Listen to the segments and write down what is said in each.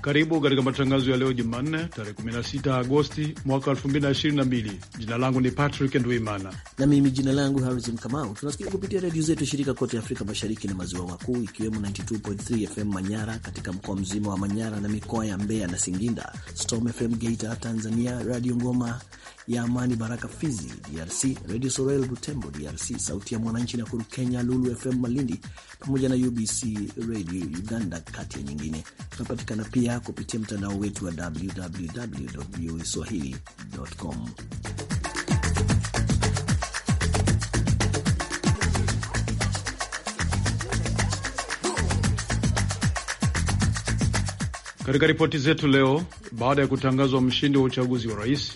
Karibu katika matangazo ya leo Jumanne, tarehe 16 Agosti mwaka 2022. Jina langu ni Patrick Ndwimana na mimi jina langu Harrison Kamau. Tunasikia kupitia redio zetu shirika kote Afrika Mashariki na Maziwa Makuu, ikiwemo 92.3 FM Manyara katika mkoa mzima wa Manyara na mikoa ya Mbeya na Singinda, Storm FM Geita Tanzania, Radio Ngoma ya Amani Baraka Fizi DRC, Radio Sorel Butembo DRC, Sauti ya Mwananchi Nakuru Kenya, Lulu FM Malindi pamoja na UBC Radio Uganda, kati ya nyingine. Tunapatikana pia kupitia mtandao wetu wa www voa swahili.com. Katika ripoti zetu leo, baada ya kutangazwa mshindi wa uchaguzi wa rais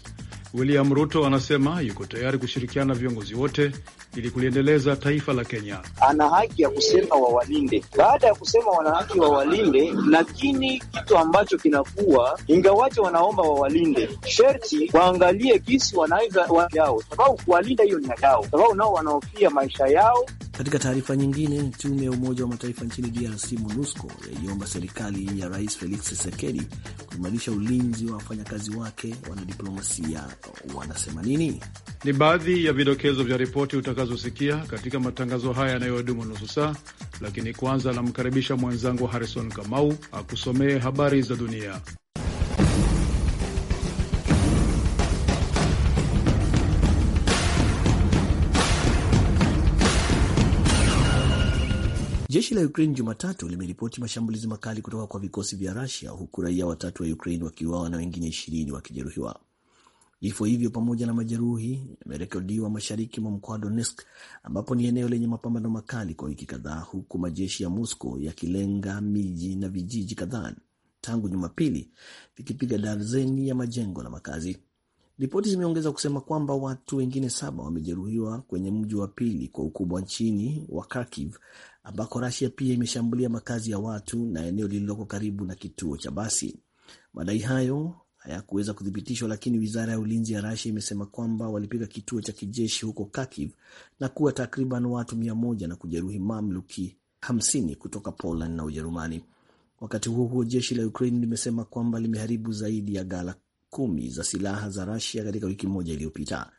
William Ruto anasema yuko tayari kushirikiana na viongozi wote ili kuliendeleza taifa la Kenya. Ana haki ya kusema wawalinde, baada ya kusema wana haki wawalinde, lakini kitu ambacho kinakuwa ingawaje wanaomba wawalinde, sherti waangalie kisi wanaweza yao, sababu kuwalinda hiyo ni yao, sababu nao wanaofia maisha yao. Katika taarifa nyingine, tume ya Umoja wa Mataifa nchini DRC MONUSCO yaiomba serikali ya Rais Felix Tshisekedi kuimarisha ulinzi wa wafanyakazi wake. Wanadiplomasia wanasema nini? Ni baadhi ya vidokezo vya ripoti utaka utakazosikia katika matangazo haya yanayodumu nusu saa, lakini kwanza anamkaribisha mwenzangu Harrison Kamau akusomee habari za dunia. Jeshi la Ukraine Jumatatu limeripoti mashambulizi makali kutoka kwa vikosi vya Rusia, huku raia watatu wa Ukraine wakiuawa na wengine ishirini wakijeruhiwa. Vifo hivyo pamoja na majeruhi yamerekodiwa mashariki mwa mkoa wa Donetsk, ambapo ni eneo lenye mapambano makali kwa wiki kadhaa, huku majeshi ya Moscow yakilenga miji na vijiji kadhaa tangu Jumapili, vikipiga darzeni ya majengo na makazi. Ripoti zimeongeza kusema kwamba watu wengine saba wamejeruhiwa kwenye mji wa pili kwa ukubwa nchini wa Kharkiv, ambako rasia pia imeshambulia makazi ya watu na eneo lililoko karibu na kituo cha basi. Madai hayo hayakuweza kuthibitishwa, lakini wizara ya ulinzi ya Rasia imesema kwamba walipiga kituo cha kijeshi huko Kharkiv na kuwa takriban watu mia moja na kujeruhi mamluki hamsini kutoka Poland na Ujerumani. Wakati huo huo, jeshi la Ukraine limesema kwamba limeharibu zaidi ya gala kumi za silaha za Rasia katika wiki moja iliyopita.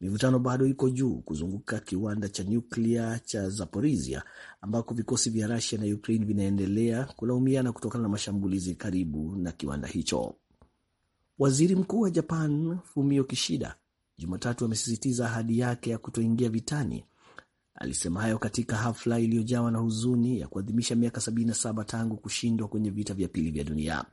Mivutano bado iko juu kuzunguka kiwanda cha nyuklia cha Zaporisia ambako vikosi vya Rasia na Ukraine vinaendelea kulaumiana kutokana na mashambulizi karibu na kiwanda hicho. Waziri Mkuu wa Japan Fumio Kishida Jumatatu amesisitiza ahadi yake ya kutoingia vitani. Alisema hayo katika hafla iliyojawa na huzuni ya kuadhimisha miaka 77 tangu kushindwa kwenye vita vya pili vya dunia.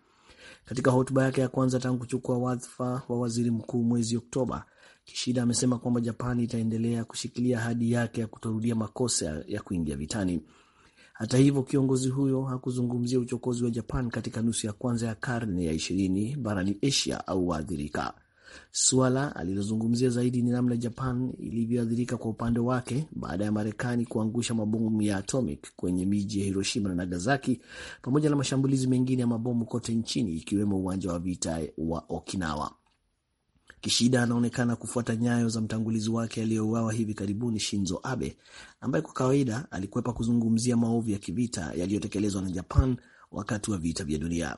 Katika hotuba yake ya kwanza tangu kuchukua wadhifa wa waziri mkuu mwezi Oktoba, Kishida amesema kwamba Japani itaendelea kushikilia ahadi yake ya kutorudia makosa ya kuingia vitani. Hata hivyo, kiongozi huyo hakuzungumzia uchokozi wa Japan katika nusu ya kwanza ya karne ya ishirini barani Asia au waathirika. Suala alilozungumzia zaidi ni namna Japan ilivyoathirika kwa upande wake baada ya Marekani kuangusha mabomu ya atomic kwenye miji ya Hiroshima na Nagasaki pamoja na mashambulizi mengine ya mabomu kote nchini ikiwemo uwanja wa vita wa Okinawa. Kishida anaonekana kufuata nyayo za mtangulizi wake aliyeuawa hivi karibuni Shinzo Abe, ambaye kwa kawaida alikwepa kuzungumzia maovu ya kivita yaliyotekelezwa na Japan wakati wa vita vya dunia.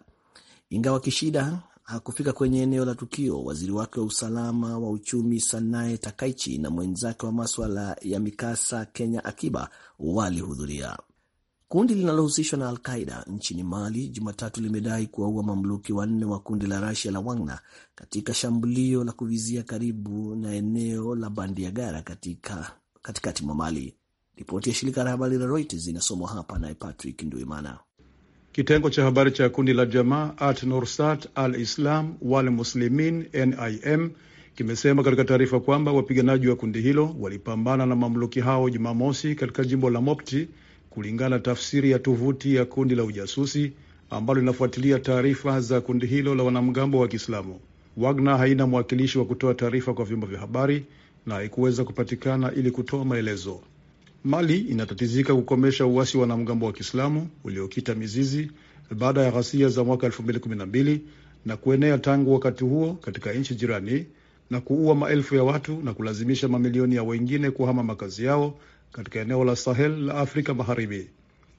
Ingawa Kishida hakufika kwenye eneo la tukio, waziri wake wa usalama wa uchumi Sanae Takaichi na mwenzake wa maswala ya mikasa Kenya Akiba walihudhuria. Kundi linalohusishwa na alqaida nchini Mali Jumatatu limedai kuwaua mamluki wanne wa kundi la Rasia la Wagner katika shambulio la kuvizia karibu na eneo la Bandiagara katika katikati mwa Mali. Ripoti ya shirika la habari la Reuters inasomwa hapa naye Patrick Nduimana. Kitengo cha habari cha kundi la jamaa at Nursat al-Islam wal Muslimin NIM kimesema katika taarifa kwamba wapiganaji wa kundi hilo walipambana na mamluki hao Jumamosi katika jimbo la Mopti kulingana na tafsiri ya tovuti ya kundi la ujasusi ambalo linafuatilia taarifa za kundi hilo la wanamgambo wa Kiislamu. Wagner haina mwakilishi wa kutoa taarifa kwa vyombo vya habari na haikuweza kupatikana ili kutoa maelezo. Mali inatatizika kukomesha uasi wa wanamgambo wa Kiislamu uliokita mizizi baada ya ghasia za mwaka 2012 na kuenea tangu wakati huo katika nchi jirani na kuua maelfu ya watu na kulazimisha mamilioni ya wengine kuhama makazi yao katika eneo la Sahel la Afrika Magharibi.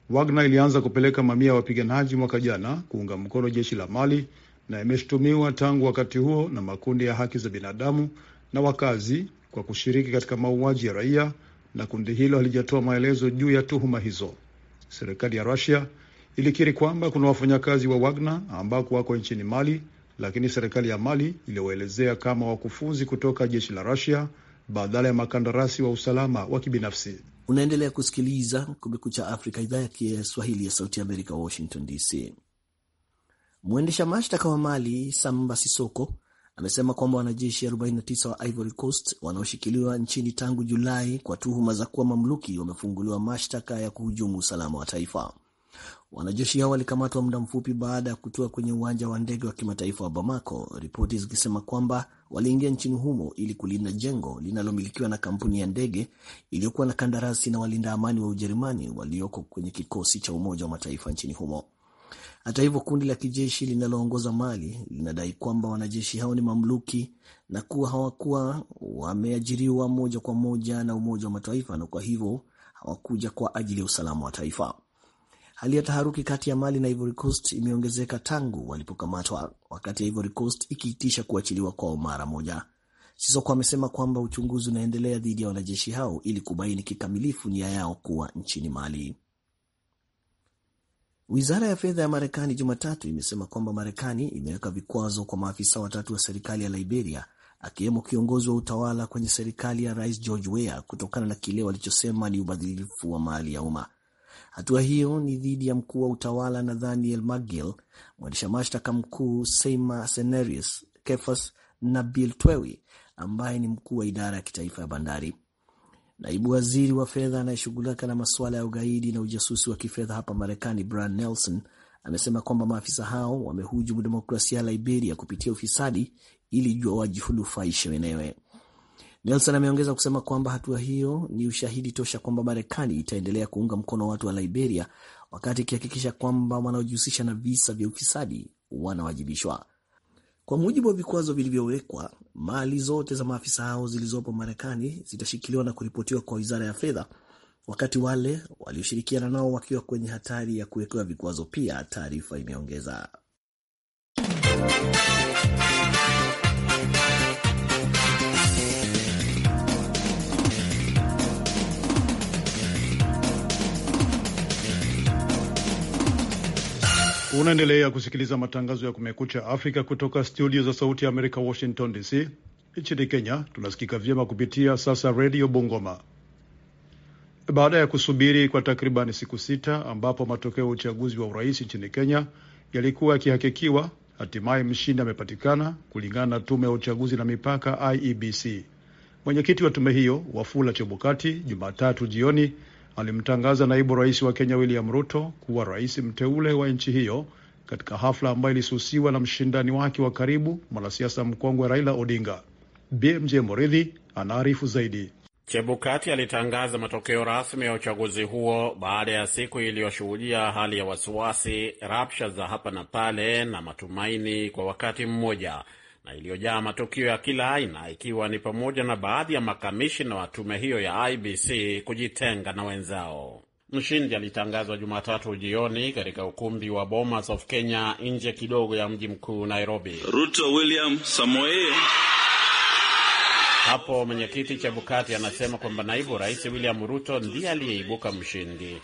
Wagner ilianza kupeleka mamia ya wapiganaji mwaka jana kuunga mkono jeshi la Mali na imeshutumiwa tangu wakati huo na makundi ya haki za binadamu na wakazi kwa kushiriki katika mauaji ya raia, na kundi hilo halijatoa maelezo juu ya tuhuma hizo. Serikali ya Russia ilikiri kwamba kuna wafanyakazi wa Wagner ambako wako nchini Mali, lakini serikali ya Mali iliwaelezea kama wakufunzi kutoka jeshi la Russia badala ya makandarasi wa usalama wa kibinafsi. Unaendelea kusikiliza Kumekucha Afrika, idhaa ya Kiswahili ya Sauti Amerika, Washington DC. Mwendesha mashtaka wa Mali Samba Sisoko amesema kwamba wanajeshi 49 wa Ivory Coast wanaoshikiliwa nchini tangu Julai kwa tuhuma za kuwa mamluki wamefunguliwa mashtaka ya kuhujumu usalama wa taifa. Wanajeshi hao walikamatwa muda mfupi baada ya kutua kwenye uwanja wa ndege wa kimataifa wa Bamako, ripoti zikisema kwamba waliingia nchini humo ili kulinda jengo linalomilikiwa na kampuni ya ndege iliyokuwa na kandarasi na walinda amani wa Ujerumani walioko kwenye kikosi cha Umoja wa Mataifa nchini humo. Hata hivyo, kundi la kijeshi linaloongoza Mali linadai kwamba wanajeshi hao ni mamluki na kuwa hawakuwa wameajiriwa moja kwa moja na Umoja wa Mataifa na kwa hivyo hawakuja kwa ajili ya usalama wa taifa. Hali ya taharuki kati ya Mali na Ivory Coast imeongezeka tangu walipokamatwa, wakati ya Ivory Coast ikiitisha kuachiliwa kwao mara moja. Sisoko amesema kwamba uchunguzi unaendelea dhidi ya wanajeshi hao ili kubaini kikamilifu nia yao kuwa nchini Mali. Wizara ya fedha ya Marekani Jumatatu imesema kwamba Marekani imeweka vikwazo kwa maafisa watatu wa serikali ya Liberia, akiwemo kiongozi wa utawala kwenye serikali ya Rais George Weah kutokana na kile walichosema ni ubadhilifu wa mali ya umma. Hatua hiyo ni dhidi ya mkuu wa utawala Nathaniel magil mwendesha mashtaka mkuu Seima Senerius, Kefas Bill Twewi ambaye ni mkuu wa idara ya kitaifa ya bandari. Naibu waziri wa fedha anayeshughulika na masuala ya ugaidi na ujasusi wa kifedha hapa Marekani, Brian Nelson amesema kwamba maafisa hao wamehujumu demokrasia ya Liberia kupitia ufisadi ili jua wajihulufishe wenyewe. Nelson ameongeza kusema kwamba hatua hiyo ni ushahidi tosha kwamba Marekani itaendelea kuunga mkono watu wa Liberia wakati ikihakikisha kwamba wanaojihusisha na visa vya ufisadi wanawajibishwa. Kwa mujibu wa vikwazo vilivyowekwa, mali zote za maafisa hao zilizopo Marekani zitashikiliwa na kuripotiwa kwa wizara ya fedha, wakati wale walioshirikiana nao wakiwa kwenye hatari ya kuwekewa vikwazo pia, taarifa imeongeza. Unaendelea kusikiliza matangazo ya Kumekucha Afrika kutoka studio za Sauti ya Amerika, Washington DC. Nchini Kenya tunasikika vyema kupitia sasa Redio Bungoma. Baada ya kusubiri kwa takribani siku sita ambapo matokeo ya uchaguzi wa urais nchini Kenya yalikuwa yakihakikiwa, hatimaye mshindi amepatikana kulingana na tume ya uchaguzi na mipaka IEBC. Mwenyekiti wa tume hiyo Wafula Chebukati Jumatatu jioni alimtangaza naibu rais wa Kenya William Ruto kuwa rais mteule wa nchi hiyo katika hafla ambayo ilisusiwa na mshindani wake wa karibu mwanasiasa mkongwe Raila Odinga. BMJ Moridhi anaarifu zaidi. Chebukati alitangaza matokeo rasmi ya uchaguzi huo baada ya siku iliyoshuhudia hali ya wasiwasi, rapsha za hapa na pale na matumaini kwa wakati mmoja na iliyojaa matukio ya kila aina, ikiwa ni pamoja na baadhi ya makamishina wa tume hiyo ya IBC kujitenga na wenzao. Mshindi alitangazwa Jumatatu jioni katika ukumbi wa Bomas of Kenya nje kidogo ya mji mkuu Nairobi. Ruto William Samoei. Hapo mwenyekiti Chebukati anasema kwamba naibu rais William Ruto ndiye aliyeibuka mshindi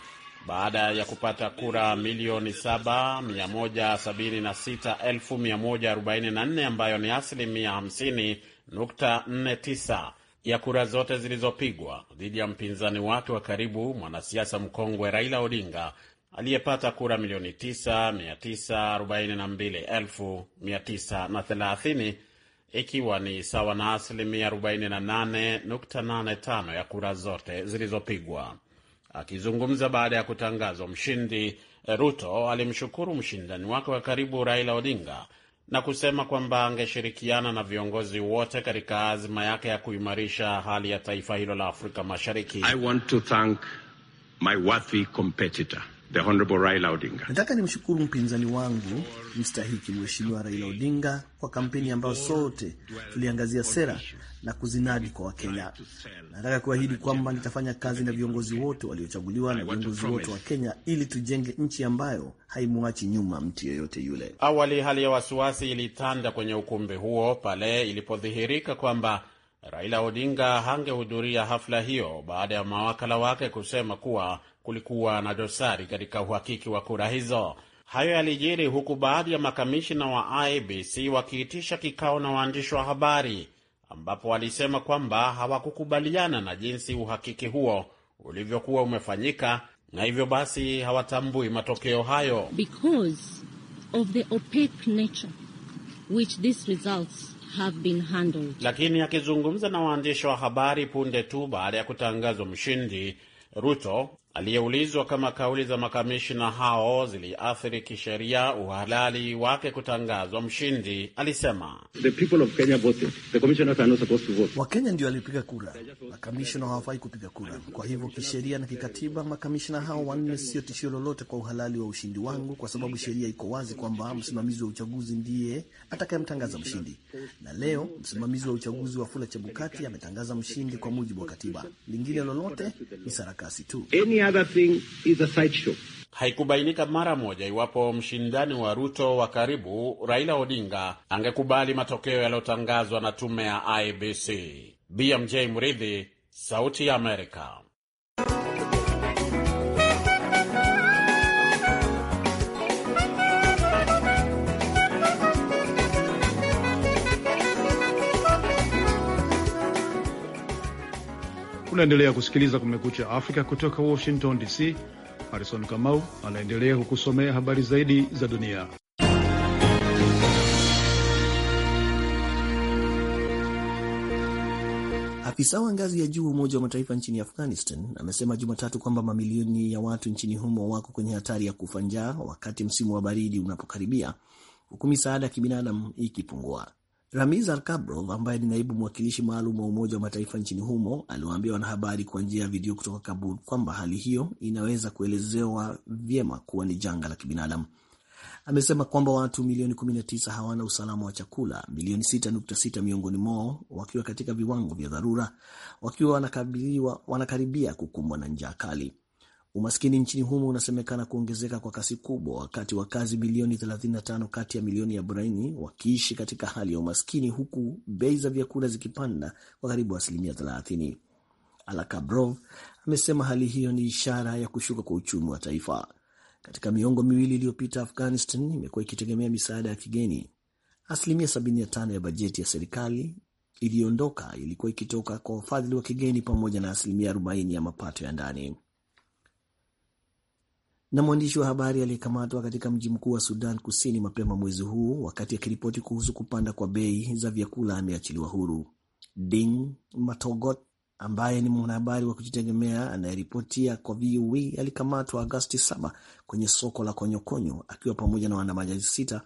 baada ya kupata kura milioni 7,176,144 ambayo ni asilimia 50.49 ya kura zote zilizopigwa dhidi ya mpinzani wake wa karibu mwanasiasa mkongwe Raila Odinga aliyepata kura milioni 9,942,930 ikiwa ni sawa na asilimia 48.85 ya kura zote zilizopigwa. Akizungumza baada ya kutangazwa mshindi, eh, Ruto alimshukuru mshindani wake wa karibu Raila Odinga na kusema kwamba angeshirikiana na viongozi wote katika azma yake ya kuimarisha hali ya taifa hilo la Afrika Mashariki. I want to thank my worthy competitor. The Honorable Raila Odinga. Nataka nimshukuru mpinzani wangu mstahiki Mheshimiwa Raila Odinga kwa kampeni ambayo sote tuliangazia sera na kuzinadi kwa Wakenya. Nataka kuahidi kwamba nitafanya kazi na viongozi wote waliochaguliwa na viongozi wote wa Kenya ili tujenge nchi ambayo haimwachi nyuma mtu yeyote yule. Awali hali ya wasiwasi ilitanda kwenye ukumbi huo pale ilipodhihirika kwamba Raila Odinga hangehudhuria hafla hiyo baada ya mawakala wake kusema kuwa kulikuwa na dosari katika uhakiki wa kura hizo. Hayo yalijiri huku baadhi ya makamishina wa ibc wakiitisha kikao na waandishi wa habari, ambapo walisema kwamba hawakukubaliana na jinsi uhakiki huo ulivyokuwa umefanyika na hivyo basi hawatambui matokeo hayo. Because of the opaque nature which these results have been handled. Lakini akizungumza na waandishi wa habari punde tu baada ya kutangazwa mshindi, Ruto aliyeulizwa kama kauli za makamishina hao ziliathiri kisheria uhalali wake kutangazwa mshindi, alisema Wakenya ndio walipiga kura, makamishina hawafai kupiga kura. Kwa hivyo kisheria na kikatiba, makamishina hao wanne sio tishio lolote kwa uhalali wa ushindi wangu, kwa sababu sheria iko wazi kwamba msimamizi wa uchaguzi ndiye atakayemtangaza mshindi, na leo msimamizi wa uchaguzi wa fula Chebukati ametangaza mshindi kwa mujibu wa katiba. Lingine lolote ni sarakasi tu. Any other thing is a Haikubainika mara moja iwapo mshindani wa Ruto wa karibu Raila Odinga angekubali matokeo yaliyotangazwa na tume ya IBC. BMJ Mridhi, Sauti ya Amerika. Unaendelea kusikiliza Kumekucha Afrika kutoka Washington DC. Harison Kamau anaendelea kukusomea habari zaidi za dunia. Afisa wa ngazi ya juu wa Umoja wa Mataifa nchini Afghanistan amesema Jumatatu kwamba mamilioni ya watu nchini humo wako kwenye hatari ya kufa njaa wakati msimu wa baridi unapokaribia, huku misaada ya kibinadamu ikipungua. Ramiz Alkabral ambaye ni naibu mwakilishi maalum wa Umoja wa Mataifa nchini humo aliwaambia wanahabari kwa njia ya video kutoka Kabul kwamba hali hiyo inaweza kuelezewa vyema kuwa ni janga la kibinadamu. Amesema kwamba watu milioni 19 hawana usalama wa chakula, milioni 6.6 miongoni mwao wakiwa katika viwango vya dharura, wakiwa wanakaribia kukumbwa na njaa kali. Umaskini nchini humo unasemekana kuongezeka kwa kasi kubwa, wakati wakazi milioni 35 kati ya milioni ya 40 wakiishi katika hali ya umaskini, huku bei za vyakula zikipanda kwa karibu asilimia 30. Alakabrov amesema hali hiyo ni ishara ya kushuka kwa uchumi wa taifa. Katika miongo miwili iliyopita, Afghanistan imekuwa ikitegemea misaada ya kigeni. Asilimia 75 ya bajeti ya serikali iliyoondoka ilikuwa ikitoka kwa wafadhili wa kigeni pamoja na asilimia 40 ya mapato ya ndani na mwandishi wa habari aliyekamatwa katika mji mkuu wa Sudan Kusini mapema mwezi huu wakati akiripoti kuhusu kupanda kwa bei za vyakula ameachiliwa huru. Ding Matogot ambaye ni mwanahabari wa kujitegemea anayeripotia kwa VOA alikamatwa Agosti 7 kwenye soko la Konyokonyo akiwa pamoja na waandamanaji sita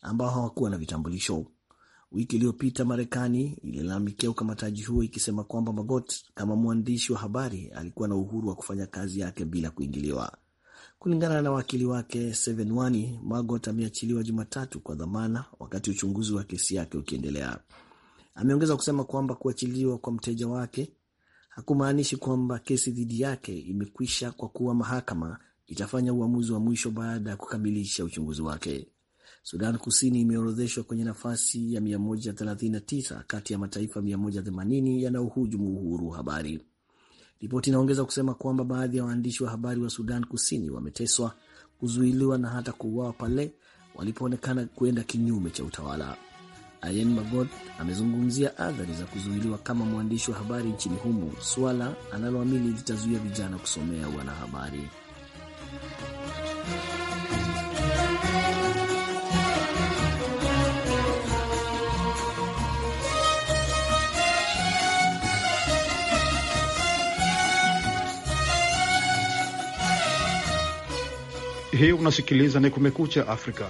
ambao hawakuwa na vitambulisho. Wiki iliyopita Marekani ililalamikia ukamataji huo ikisema kwamba Magot kama mwandishi wa habari alikuwa na uhuru wa kufanya kazi yake bila kuingiliwa. Kulingana na wakili wake Sevenwani, Margot ameachiliwa Jumatatu kwa dhamana, wakati uchunguzi wa kesi yake ukiendelea. Ameongeza kusema kwamba kuachiliwa kwa mteja wake hakumaanishi kwamba kesi dhidi yake imekwisha, kwa kuwa mahakama itafanya uamuzi wa mwisho baada ya kukamilisha uchunguzi wake. Sudan Kusini imeorodheshwa kwenye nafasi ya 139 kati ya mataifa 180 yanayohujumu uhuru habari. Ripoti inaongeza kusema kwamba baadhi ya waandishi wa habari wa Sudan Kusini wameteswa, kuzuiliwa na hata kuuawa pale walipoonekana kuenda kinyume cha utawala. Ayen Magot amezungumzia athari za kuzuiliwa kama mwandishi wa habari nchini humo, suala analoamini litazuia vijana kusomea wanahabari. Hii unasikiliza ni Kumekucha Afrika.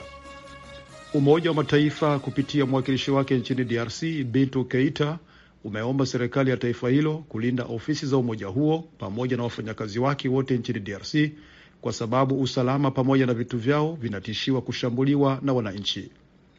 Umoja wa Mataifa kupitia mwakilishi wake nchini DRC Bintu Keita umeomba serikali ya taifa hilo kulinda ofisi za umoja huo pamoja na wafanyakazi wake wote nchini DRC kwa sababu usalama pamoja na vitu vyao vinatishiwa kushambuliwa na wananchi.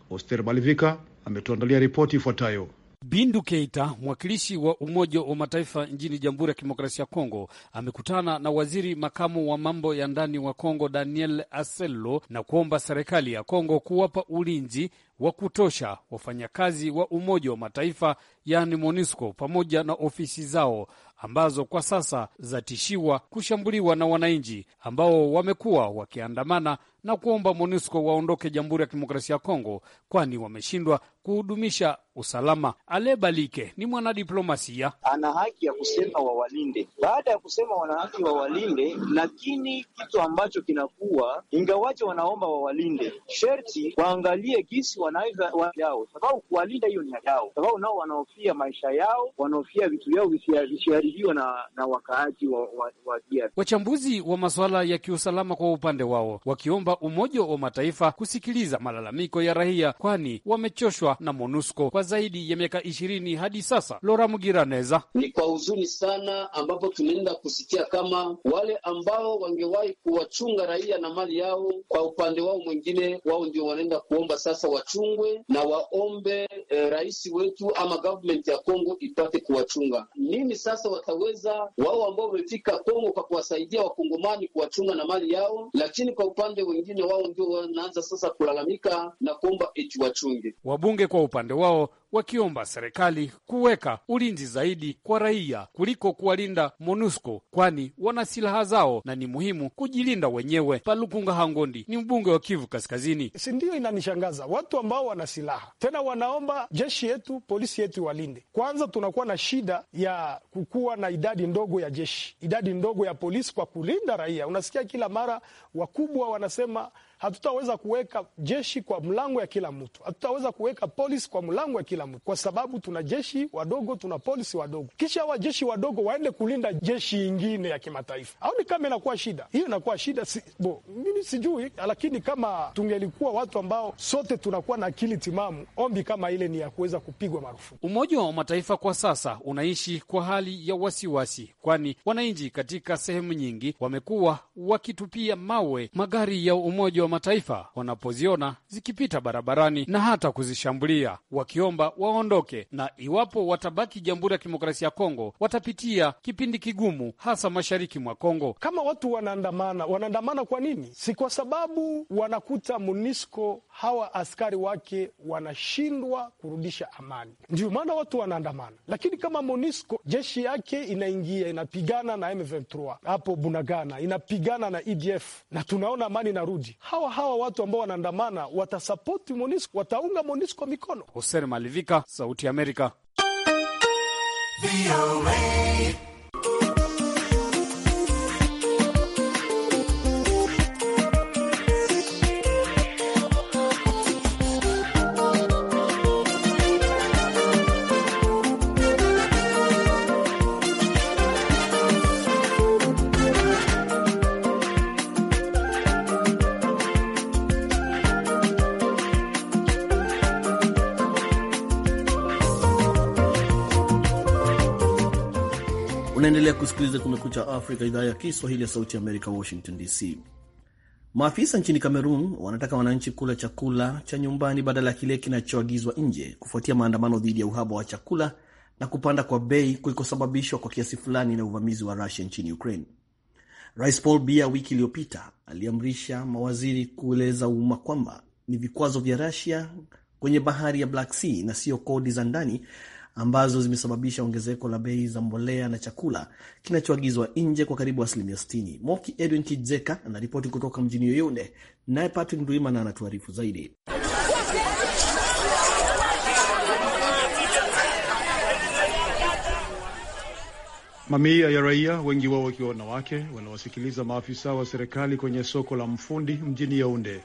Oster Malivika ametuandalia ripoti ifuatayo. Bindu Keita, mwakilishi wa Umoja wa Mataifa nchini Jamhuri ya Kidemokrasia ya Kongo, amekutana na waziri makamu wa mambo ya ndani wa Kongo Daniel Asello na kuomba serikali ya Kongo kuwapa ulinzi wa kutosha wafanyakazi wa Umoja wa Mataifa yaani MONUSCO pamoja na ofisi zao ambazo kwa sasa zatishiwa kushambuliwa na wananchi ambao wamekuwa wakiandamana na kuomba MONUSCO waondoke Jamhuri ya Kidemokrasia ya Kongo, kwani wameshindwa kuhudumisha usalama. Alebalike ni mwanadiplomasia, ana haki ya kusema wawalinde. Baada ya kusema wana haki wawalinde, lakini kitu ambacho kinakuwa ingawaje wanaomba wawalinde, sherti waangalie gisi wanaweza yao, sababu kuwalinda hiyo ni yao, sababu nao wanaofia maisha yao, wanaofia vitu vyao visiharibiwa na, na wakaaji wa, wa, wa Wachambuzi wa masuala ya kiusalama kwa upande wao wakiomba Umoja wa Mataifa kusikiliza malalamiko ya raia, kwani wamechoshwa na MONUSCO kwa zaidi ya miaka ishirini hadi sasa. Lora Mugiraneza: ni kwa huzuni sana ambapo tunaenda kusikia kama wale ambao wangewahi kuwachunga raia na mali yao, kwa upande wao mwingine, wao ndio wanaenda kuomba sasa wachungwe na waombe e, rais wetu ama government ya Kongo ipate kuwachunga. Nini sasa wataweza wao ambao wamefika Kongo kwa kuwasaidia wakongomani kuwachunga na mali yao, lakini kwa upande wengine, wao ndio wanaanza sasa kulalamika na kuomba eti wachunge. Wabunge kwa upande wao wakiomba serikali kuweka ulinzi zaidi kwa raia kuliko kuwalinda MONUSCO, kwani wana silaha zao na ni muhimu kujilinda wenyewe. Palukunga Hangondi ni mbunge wa Kivu Kaskazini. Si ndiyo inanishangaza watu ambao wana silaha tena wanaomba jeshi yetu, polisi yetu iwalinde Kwanza tunakuwa na shida ya kukuwa na idadi ndogo ya jeshi, idadi ndogo ya polisi kwa kulinda raia. Unasikia kila mara wakubwa wanasema hatutaweza kuweka jeshi kwa mlango ya kila mtu, hatutaweza kuweka polisi kwa mlango ya kila mtu, kwa sababu tuna jeshi wadogo, tuna polisi wadogo. Kisha wa jeshi wadogo waende kulinda jeshi ingine ya kimataifa, au ni kama inakuwa shida hiyo, inakuwa shida si, bo mimi sijui, lakini kama tungelikuwa watu ambao sote tunakuwa na akili timamu, ombi kama ile ni ya kuweza kupigwa marufuku. Umoja wa Mataifa kwa sasa unaishi kwa hali ya wasiwasi, kwani wananchi katika sehemu nyingi wamekuwa wakitupia mawe magari ya Umoja wa Mataifa wanapoziona zikipita barabarani na hata kuzishambulia, wakiomba waondoke, na iwapo watabaki Jamhuri ya Kidemokrasia ya Kongo watapitia kipindi kigumu, hasa mashariki mwa Kongo. Kama watu wanaandamana, wanaandamana kwa nini? Si kwa sababu wanakuta MONUSCO hawa askari wake wanashindwa kurudisha amani, ndio maana watu wanaandamana. Lakini kama MONUSCO jeshi yake inaingia inapigana na M23 hapo Bunagana, inapigana na EDF na tunaona amani inarudi, hawa hawa hawa watu ambao wanaandamana watasapoti MONUSCO, wataunga MONUSCO mikono. hosen Malivika, Sauti ya Amerika. Unaendelea kusikiliza Kumekucha Afrika, idhaa ya Kiswahili ya Sauti Amerika, Washington DC. Maafisa nchini Kamerun wanataka wananchi kula chakula cha nyumbani badala ya kile kinachoagizwa nje kufuatia maandamano dhidi ya uhaba wa chakula na kupanda kwa bei kulikosababishwa kwa kiasi fulani na uvamizi wa Rusia nchini Ukraine. Rais Paul Bia wiki iliyopita aliamrisha mawaziri kueleza umma kwamba ni vikwazo vya Rusia kwenye bahari ya Black Sea na sio kodi za ndani ambazo zimesababisha ongezeko la bei za mbolea na chakula kinachoagizwa nje kwa karibu asilimia 60. Moki Edwin Kijeka anaripoti kutoka mjini Yoyunde, naye Patrick Nduimana anatuarifu zaidi. Mamia ya raia, wengi wao wakiwa wanawake, wanawasikiliza maafisa wa serikali kwenye soko la Mfundi mjini Yaunde.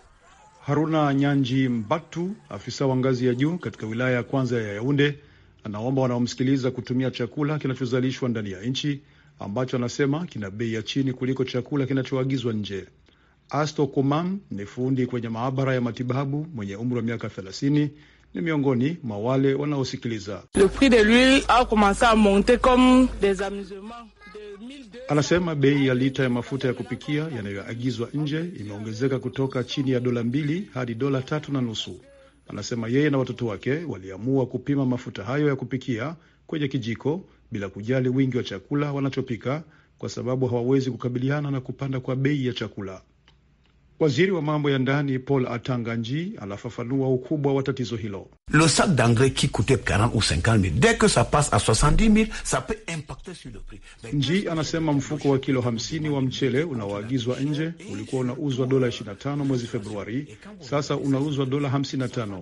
Haruna Nyanji Mbatu, afisa wa ngazi ya juu katika wilaya ya kwanza ya Yaunde, anaomba wanaomsikiliza kutumia chakula kinachozalishwa ndani ya nchi ambacho anasema kina bei ya chini kuliko chakula kinachoagizwa nje. Asto Kumam ni fundi kwenye maabara ya matibabu mwenye umri wa miaka 30 ni miongoni mwa wale wanaosikiliza. Anasema bei ya lita ya mafuta ya kupikia yanayoagizwa nje imeongezeka kutoka chini ya dola mbili hadi dola tatu na nusu. Anasema yeye na watoto wake waliamua kupima mafuta hayo ya kupikia kwenye kijiko bila kujali wingi wa chakula wanachopika kwa sababu hawawezi kukabiliana na kupanda kwa bei ya chakula. Waziri wa mambo ya ndani Paul Atanga Nji anafafanua ukubwa wa tatizo hilo. Nji anasema mfuko wa kilo 50 wa mchele unaoagizwa nje ulikuwa unauzwa dola 25 mwezi Februari, sasa unauzwa dola 55.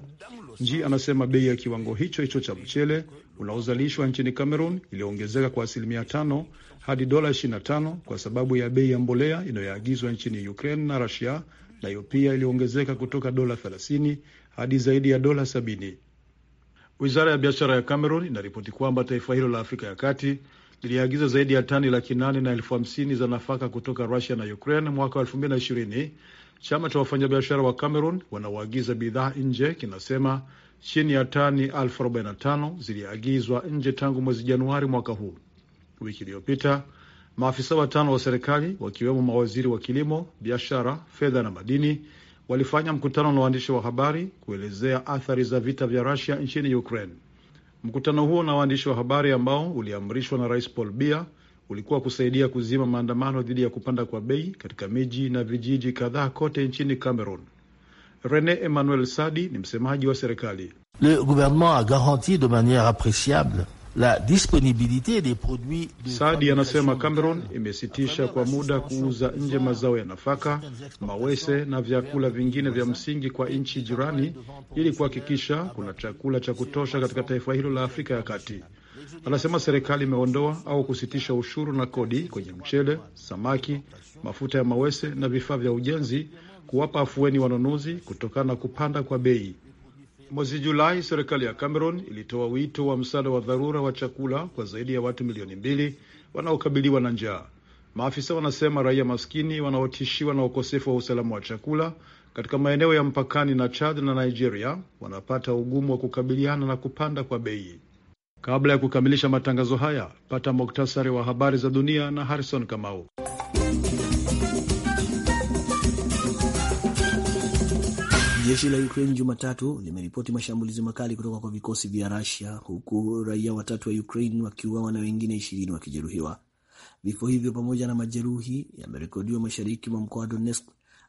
Nji anasema bei ya kiwango hicho hicho cha mchele unaozalishwa nchini Cameroon iliyoongezeka kwa asilimia tano hadi dola 25 kwa sababu ya bei ya mbolea inayoagizwa nchini Ukraine na Russia, nayo pia iliyoongezeka kutoka dola 30 hadi zaidi ya dola 70. Wizara ya biashara ya Cameroon inaripoti kwamba taifa hilo la Afrika ya Kati liliagiza zaidi ya tani laki nane na elfu hamsini za nafaka kutoka Rusia na Ukraine mwaka wa Chama cha wafanyabiashara wa Cameroon wanaoagiza bidhaa nje kinasema chini ya tani elfu arobaini na tano ziliagizwa nje tangu mwezi Januari mwaka huu. Wiki iliyopita maafisa watano wa serikali wakiwemo mawaziri wa kilimo, biashara, fedha na madini walifanya mkutano na waandishi wa habari kuelezea athari za vita vya Rusia nchini Ukraine. Mkutano huo na waandishi wa habari ambao uliamrishwa na Rais Paul Bia ulikuwa kusaidia kuzima maandamano dhidi ya kupanda kwa bei katika miji na vijiji kadhaa kote nchini Cameroon. Rene Emmanuel Sadi ni msemaji wa serikali. Le gouvernement a garanti de maniere apreciable la disponibilite des produits de Sadi anasema Cameroon imesitisha kwa muda kuuza nje mazao ya nafaka, mawese na vyakula vingine vya msingi kwa nchi jirani ili kuhakikisha kuna chakula cha kutosha katika taifa hilo la Afrika ya Kati. Anasema serikali imeondoa au kusitisha ushuru na kodi kwenye mchele, samaki, mafuta ya mawese na vifaa vya ujenzi kuwapa afueni wanunuzi kutokana na kupanda kwa bei. Mwezi Julai, serikali ya cameron ilitoa wito wa msaada wa dharura wa chakula kwa zaidi ya watu milioni mbili wanaokabiliwa na njaa. Maafisa wanasema raia maskini wanaotishiwa na ukosefu wa usalama wa chakula katika maeneo ya mpakani na Chad na Nigeria wanapata ugumu wa kukabiliana na kupanda kwa bei. Kabla ya kukamilisha matangazo haya, pata muktasari wa habari za dunia na Harrison Kamau. Jeshi la Ukraine Jumatatu limeripoti mashambulizi makali kutoka kwa vikosi vya Rusia, huku raia watatu wa Ukraine wakiuawa na wengine ishirini wakijeruhiwa. Vifo hivyo pamoja na majeruhi yamerekodiwa mashariki mwa mkoa wa Donetsk,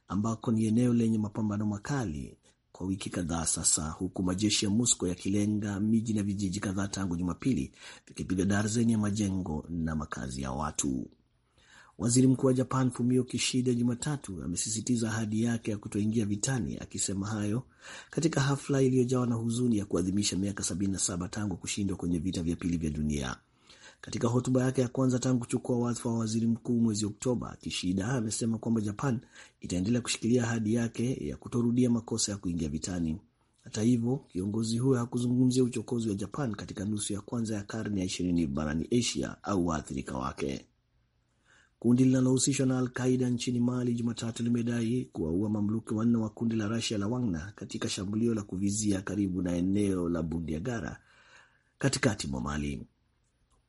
ambako ni eneo lenye mapambano makali kwa wiki kadhaa sasa, huku majeshi ya Moscow yakilenga miji na vijiji kadhaa tangu Jumapili, vikipiga darzeni ya majengo na makazi ya watu. Waziri Mkuu wa Japan Fumio Kishida Jumatatu amesisitiza ahadi yake ya kutoingia vitani, akisema hayo katika hafla iliyojawa na huzuni ya kuadhimisha miaka 77 tangu kushindwa kwenye vita vya pili vya dunia. Katika hotuba yake ya kwanza tangu kuchukua wadhifa wa waziri mkuu mwezi Oktoba, Kishida amesema kwamba Japan itaendelea kushikilia ahadi yake ya kutorudia makosa ya kuingia vitani. Hata hivyo, kiongozi huyo hakuzungumzia uchokozi wa Japan katika nusu ya kwanza ya karne ya ishirini barani Asia au waathirika wake. Kundi linalohusishwa na Alqaida nchini Mali Jumatatu limedai kuwaua mamluki wanne wa kundi la Rasia la Wagner katika shambulio la kuvizia karibu na eneo la Bundiagara katikati mwa Mali.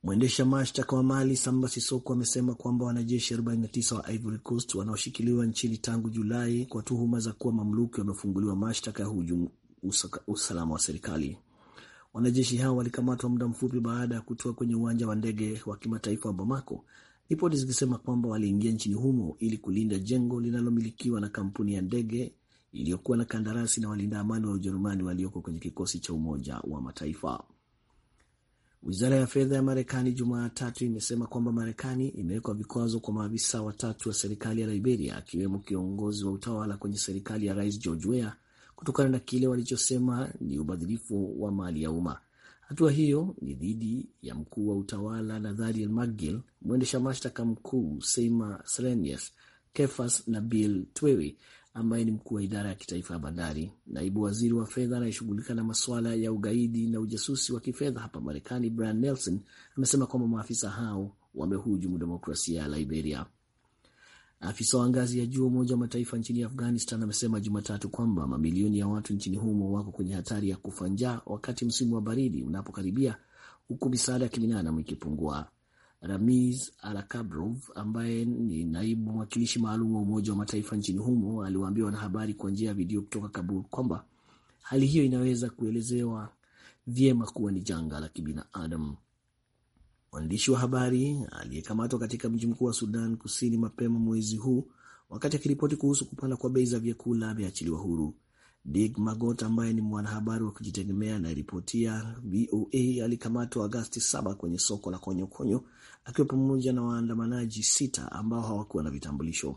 Mwendesha mashtaka wa Mali Samba Sisoko amesema kwamba wanajeshi 49 wa Ivory Coast wanaoshikiliwa nchini tangu Julai kwa tuhuma za kuwa mamluki wamefunguliwa mashtaka ya hujumu usalama wa serikali. Wanajeshi hao walikamatwa muda mfupi baada ya kutoka kwenye uwanja wa ndege wa kimataifa wa Bamako ripoti zikisema kwamba waliingia nchini humo ili kulinda jengo linalomilikiwa na kampuni ya ndege iliyokuwa na kandarasi na walinda amani wa Ujerumani walioko kwenye kikosi cha Umoja wa Mataifa. Wizara ya fedha ya Marekani Jumatatu imesema kwamba Marekani imewekwa vikwazo kwa maafisa watatu wa serikali ya Liberia, akiwemo kiongozi wa utawala kwenye serikali ya Rais George Weah kutokana na kile walichosema ni ubadhirifu wa mali ya umma. Hatua hiyo ni dhidi ya mkuu wa utawala Nathaniel McGill, mwendesha mashtaka mkuu Seima Serenius, Kefas na bill Twewi ambaye ni mkuu wa idara ya kitaifa ya bandari, naibu waziri wa fedha anayeshughulika na masuala ya ugaidi na ujasusi wa kifedha hapa Marekani, Brian Nelson amesema kwamba maafisa hao wamehujumu demokrasia ya Liberia. Afisa wa ngazi ya juu wa Umoja wa Mataifa nchini Afghanistan amesema Jumatatu kwamba mamilioni ya watu nchini humo wako kwenye hatari ya kufa njaa wakati msimu wa baridi unapokaribia, huku misaada ya kibinadamu ikipungua. Ramiz Alakabrov ambaye ni naibu mwakilishi maalum wa Umoja wa Mataifa nchini humo aliwaambia wanahabari kwa njia ya video kutoka Kabul kwamba hali hiyo inaweza kuelezewa vyema kuwa ni janga la kibinadamu mwandishi wa habari aliyekamatwa katika mji mkuu wa Sudan Kusini mapema mwezi huu wakati akiripoti kuhusu kupanda kwa bei za vyakula ameachiliwa huru. Dick Magot ambaye ni mwanahabari wa kujitegemea anayeripotia VOA alikamatwa Agasti 7 kwenye soko la Konyokonyo akiwa pamoja na waandamanaji sita ambao hawakuwa na vitambulisho.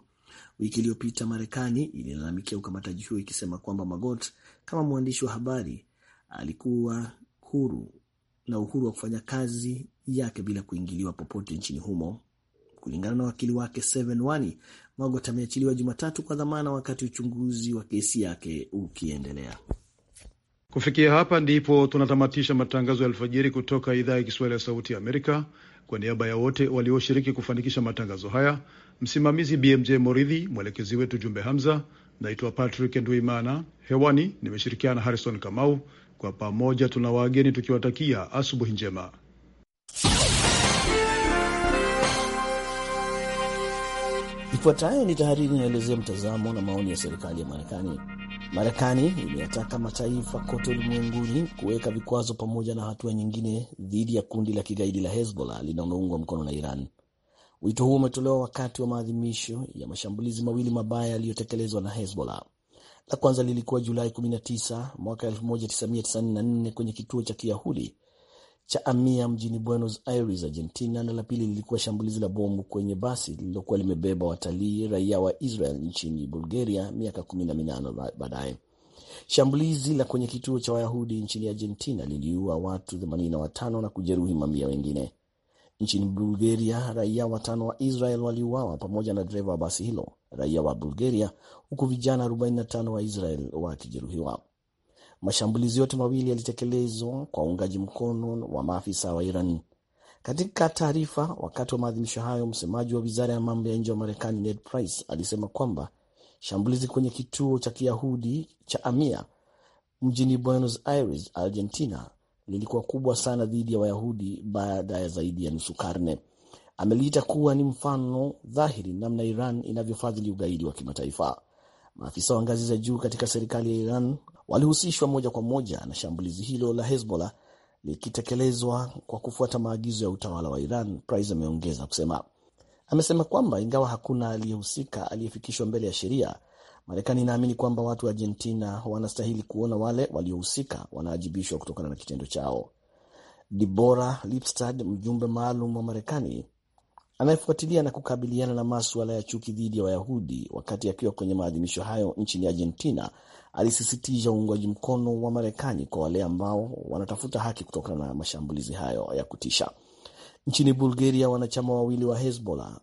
Wiki iliyopita Marekani ililalamikia ukamataji huo ikisema kwamba Magot kama mwandishi wa habari alikuwa huru na uhuru wa kufanya kazi yake bila kuingiliwa popote nchini humo. Kulingana na wakili wake Seven Wani, Magot ameachiliwa Jumatatu kwa dhamana wakati uchunguzi wa kesi yake ukiendelea. Kufikia hapa ndipo tunatamatisha matangazo ya alfajiri kutoka idhaa ya Kiswahili ya Sauti ya Amerika. Kwa niaba ya wote walioshiriki kufanikisha matangazo haya, msimamizi BMJ Moridhi, mwelekezi wetu Jumbe Hamza. Naitwa Patrick Nduimana, hewani nimeshirikiana na Harrison Kamau. Kwa pamoja tuna wageni tukiwatakia asubuhi njema. Ifuatayo ni tahariri inaelezea mtazamo na maoni ya serikali ya Marekani. Marekani imeyataka mataifa kote ulimwenguni kuweka vikwazo pamoja na hatua nyingine dhidi ya kundi la kigaidi la Hezbollah linaloungwa mkono na Iran. Wito huo umetolewa wakati wa maadhimisho ya mashambulizi mawili mabaya yaliyotekelezwa na Hezbollah. La kwanza lilikuwa Julai 19 mwaka 1994 kwenye kituo cha Kiyahudi cha Amia mjini Buenos Aires, Argentina, na la pili lilikuwa shambulizi la bomu kwenye basi lililokuwa limebeba watalii raia wa Israel nchini Bulgaria miaka kumi na minano baadaye. Shambulizi la kwenye kituo cha Wayahudi nchini Argentina liliua watu 85 na kujeruhi mamia wengine. Nchini Bulgaria, raia watano wa Israel waliuawa pamoja na dereva wa basi hilo, raia wa Bulgaria, huku vijana 45 wa Israel wakijeruhiwa. Mashambulizi yote mawili yalitekelezwa kwa uungaji mkono wa maafisa wa Iran. Katika taarifa wakati wa maadhimisho hayo, msemaji wa wizara ya mambo ya nje wa Marekani Ned Price alisema kwamba shambulizi kwenye kituo cha Kiyahudi cha Amia mjini Buenos Aires, Argentina, lilikuwa kubwa sana dhidi ya Wayahudi baada ya zaidi ya nusu karne. Ameliita kuwa ni mfano dhahiri namna Iran inavyofadhili ugaidi wa kimataifa. Maafisa wa ngazi za juu katika serikali ya Iran walihusishwa moja kwa moja na shambulizi hilo la Hezbollah likitekelezwa kwa kufuata maagizo ya utawala wa Iran. Price ameongeza kusema, amesema kwamba ingawa hakuna aliyehusika aliyefikishwa mbele ya sheria, Marekani inaamini kwamba watu wa Argentina wanastahili kuona wale waliohusika wanaajibishwa kutokana na kitendo chao. dibora Lipstad, mjumbe maalum wa Marekani anayefuatilia na kukabiliana na maswala ya chuki dhidi ya Wayahudi, wakati akiwa kwenye maadhimisho hayo nchini Argentina, alisisitiza uungwaji mkono wa Marekani kwa wale ambao wanatafuta haki kutokana na mashambulizi hayo ya kutisha. Nchini Bulgaria, wanachama wawili wa Hezbollah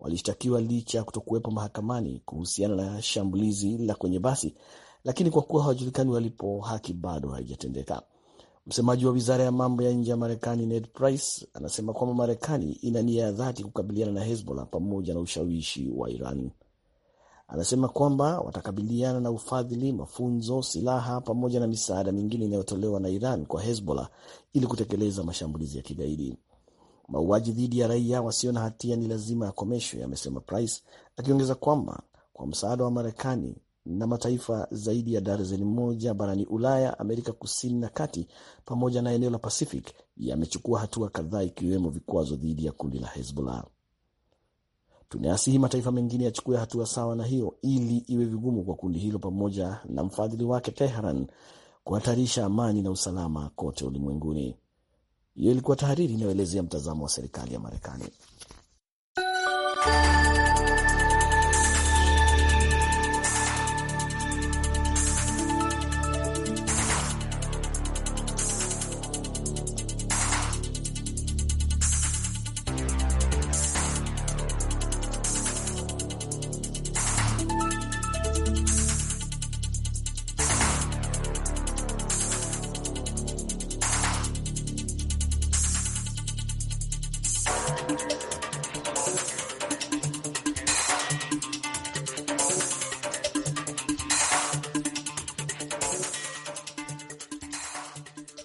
walishtakiwa licha ya kutokuwepo mahakamani kuhusiana na shambulizi la kwenye basi, lakini kwa kuwa hawajulikani walipo, haki bado haijatendeka. Msemaji wa wizara ya mambo ya nje ya Marekani Ned Price anasema kwamba Marekani ina nia ya dhati kukabiliana na Hezbollah pamoja na ushawishi wa Iran. Anasema kwamba watakabiliana na ufadhili, mafunzo, silaha pamoja na misaada mingine inayotolewa na Iran kwa Hezbollah ili kutekeleza mashambulizi ya kigaidi. Mauaji dhidi ya raia wasio na hatia ni lazima yakomeshwe, amesema Price, akiongeza kwamba kwa msaada wa Marekani na mataifa zaidi ya darzeni moja barani Ulaya, Amerika Kusini na Kati pamoja na eneo la Pacific yamechukua hatua kadhaa ikiwemo vikwazo dhidi ya kundi la Hezbollah. Tunayasihi mataifa mengine yachukue hatua sawa na hiyo ili iwe vigumu kwa kundi hilo pamoja na mfadhili wake Tehran kuhatarisha amani na usalama kote ulimwenguni. Hiyo ilikuwa tahariri inayoelezea mtazamo wa serikali ya Marekani.